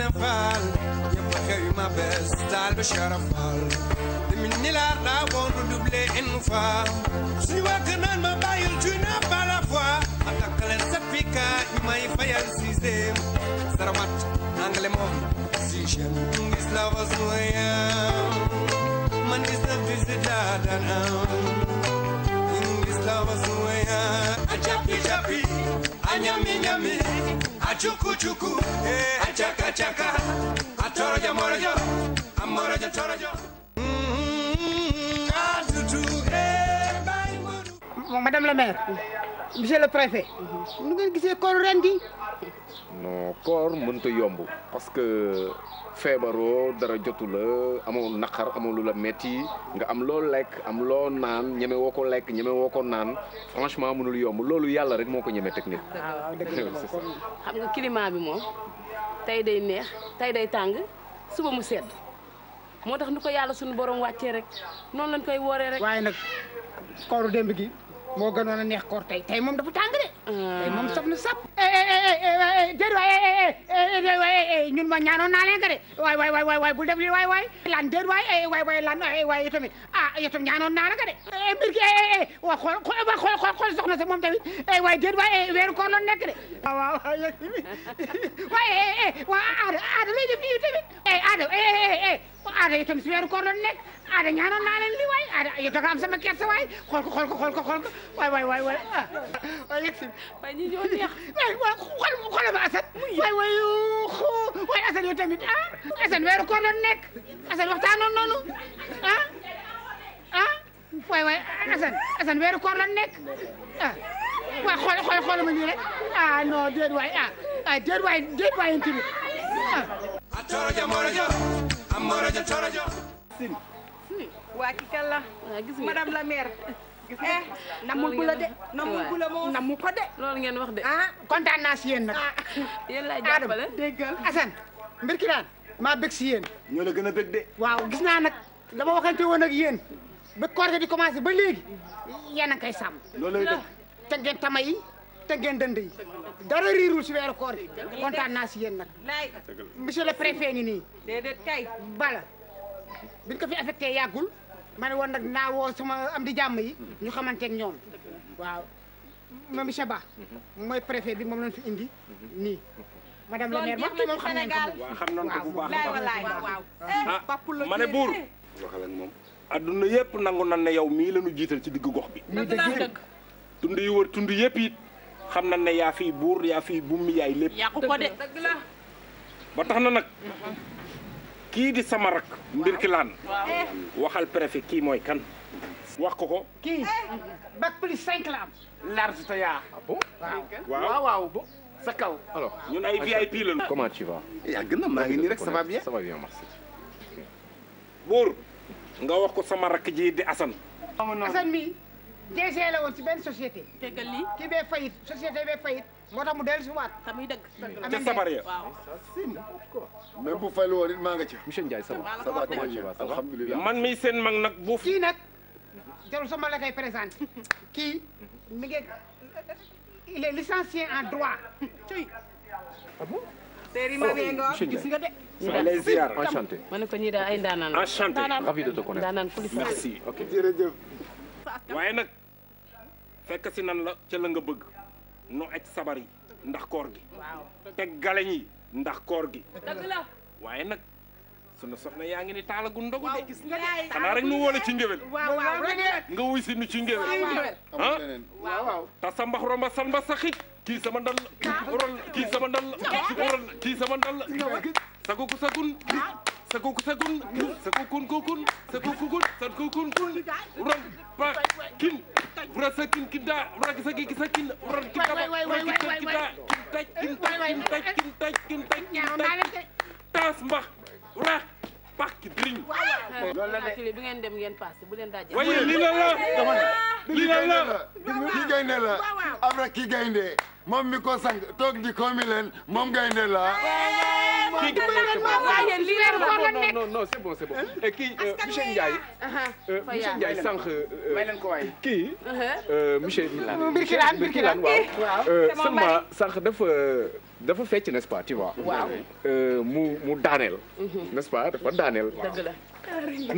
Medina Fall ñëpp xëy ma bees taal ba Cheikh Fall demin laa laa woon doublé une fois waa kër naan ma bàyyil tu n'as pas la foi ma takk leen sapika ñu may fayal sixième saramat anglais moom sixième ngis la was noyam man gis na visit laa daan am ngis la was noyam a jappi jappi nyami nyami achuku chuku eh achaka chaka atorojo morojo amorojo torojo madame la maire monsieur le préfet nu ngeen gisee kooru ren gi non mënta yomb parce que feebaroo dara jotu la amoo naqar amoo lu la metti nga am loo lekk am loo naan ñeme woo ko lekk ñeme woo ko naan franchement mënul yomb loolu yàlla rek moo ko ñeme technique ah, waaw xam nga climat bi moom tey day neex tey day tàng suba mu sedd moo tax nu ko yàlla suñu borom wàccee rek noonu lañ koy wooree rek waaye nag kooru démb gi moo gënoon a neex koor tey tey moom dafa tàng de. tey moom saf na sap. déedéet waay waay ñun ma ñaanoon naa leen ko de waay waay waay waay bul def lii waay waay. lan déet waay waay waay lan waay yow tamit ah yow tamit ñaanoon naa la ko de. mbir ki waa xool xool xool xool soxna si moom tamit waay déet waay Ada ñaanal naa leen li waay Ada yow da nga am sama kersa waay xool ko xool ko xool ko xool ko waay waay waay waay ah. waay yegg si waay ñi ñoo neex. waay waay xool xoolal ma Assane. waay waay xoo waay Assane yow tamit ah. Assane weeru koor la nekk Assane waxtaanoon noonu ah ah waay waay Assane Assane weeru koor la nekk ah waay xool xool xoolal ma nii rek ah non déet waay ah ah déet waay déet waay yéen tamit ah. waa ki kan la. gis nga la maire. gis nga eh, namul bu la de. namul bu la moom ko de. loolu ngeen wax de. ah kontaan naa si yéen nag. Ah. yéen laay jàppale Adama déggal Assane mbir ki maa bëgg si yéen. ñoo la gën a bëgg de. waaw gis naa nag la ma waxante woon ak yéen ba koor di commencé ba léegi yéen a ngi koy sàmm. te ngeen tama yi te ngeen dënd yi. dara riirul si weeru koor yi kontaan naa si yéen nag. monsieur le préfet ni nii. déedéet kay bala biñ ko fi affecté yàggul. ma ne woon nag naa woo sama am di jàmm yi ñu xamanteeg ñoom waaw ma monsieur Ba mooy préfet bi moom lañ fi indi nii madame la maire moom moom xam nañ ah, ma ne buur waxal ak moom adduna yëpp nangu nan yow mii la jiital ci digg gox bi dëgg tund yu wër tund yëpp xam na ne yaa fii buur yaa fii bummi yaay lépp yàqu ko de ba tax na nag mm-hmm. kii di sama rak mbir ki laan eh. waxal préfet kii mooy kan wax ko ko kii eh. bac plus cinq la am large te yaa ah waaw waaw sa kaw alors ñun ay comment tu vas yàgg na maa ngi nii nga wax ko sama rakk ji di Assane Assane mi DG la woon ci benn société déggal lii kii bee fayit société bee fayit moo tax mu dellu si waat. tamuy dëgg ca sabar ya waaw. même bu faylu woon maa nga ci. monsieur Ndiaye sabar sabar maa ngi alhamdulilah man mii seen mag nag buuf. kii nag jarul sama la koy présenté kii mi ngi il est licencié en droit. ah bon. gis nga de. allez ziar enchanté. ma ne ko ñii daal ay ndaanaan la. enchanté ravi de te connaître ndaanaan police. merci ok jërëjëf. waaye nag fekk si nan la ca la nga bëgg. no aj sabar yi ndax koor gi teg galeñ yi ndax koor gi waaye nag sunu soxna yaa ngi ni taalagu ndogu de gis nga xanaa rek nu woole ci ngéwél nga wuy si nu ci ngéwél ah ta sa romba san ba sa xij kii sama ndal la sama ndal la sama ndal la sagu sagun sakun sakun sakun kun sakun kun sakun kun kun ran ba kin ura sakin kinda ura sakin sakin ura kinda ura sakin kinda kinta kinta kinta kinta kinta tas mbax ura pàkk diriñ loolu la de bi ngeen dem ngeen passé bu leen dajee waaye li la la li la la kii gaynde la am gaynde moom mi toog di koomi leen gaynde la non non non c'est bon c'est bon kii euh, monsieur Ndiaye. Euh, monsieur Ndiaye sànq. Euh, may leen ko waay kii. monsieur Birkilaan Birkilaan waaw. Eh, seulement sànq dafa dafa fecc n'est-ce pas tu vois. waaw mu mu daaneel. Mhm. n'est-ce pas dafa daaneel. dëgg la.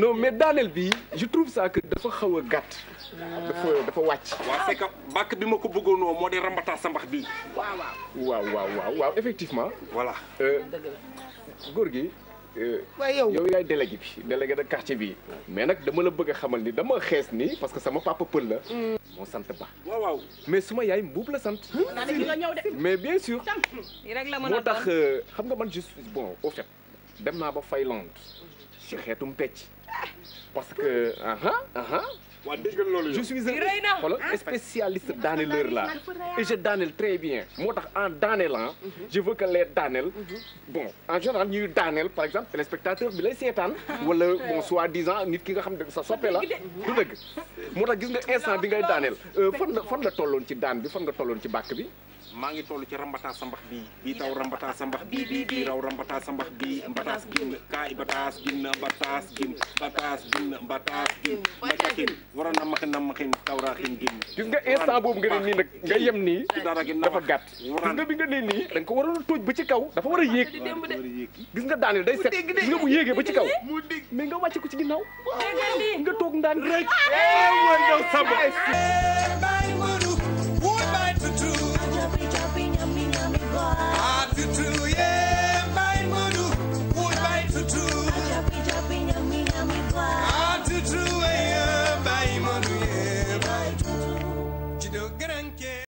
non mais daaneel bi je trouve ça que dafa xaw a gàtt. dafa dafa wàcc. waaw c'est que bàkk bi ma ko bëggoonoo moo di rambata sambax bii. waaw waaw waaw effectivement. voilà euh, góor gi. Euh, waaye yow yow yaay délégué bi délégué de quartier bi mais nag dama la bëgg a xamal ni dama xees ni parce que sama papa pël la. Hmm. moo sant ba. waaw waaw mais suma yaay mbuub la sant. Hmm. mais bien sûr. moo tax euh, xam nga man juste bon au fait dem naa ba Finlande. ci xeetum pecc parce que aha aha waa dégg nga loolu je suis un ah. spécialiste daaneleur là et je daanel très bien moo tax en daanelant mhm. je veux que les daanel mhm. bon en général ñuy daanel par exemple téléspectateur bi lay seetaan wala bon soi-disant nit ki nga xam ne sa soppe la du dëgg moo tax gis nga instant bi ngay daanel euh, fan la fan tolloon ci daan bi fan nga tolloon ci bàkk bi maa ngi toll ci rambataa sa mbax bii bii taw rambataa sa mbax bii bii bii raw rambataa sa mbax bii mbataas gin kaay bataas gin bataas gin bataas gin bataas gin makakin war a nammaxin nammaxin tawraaxin gin gis nga instant boobu nga ne nii nag nga yem nii dafa gàtt gis nga bi nga ne nii da nga ko waroon a tóoj ba ci kaw dafa war a yéeg gis nga daaneel day set gis nga bu yéegee ba ci kaw mais nga wàcce ko ci ginnaaw nga toog ndaan rek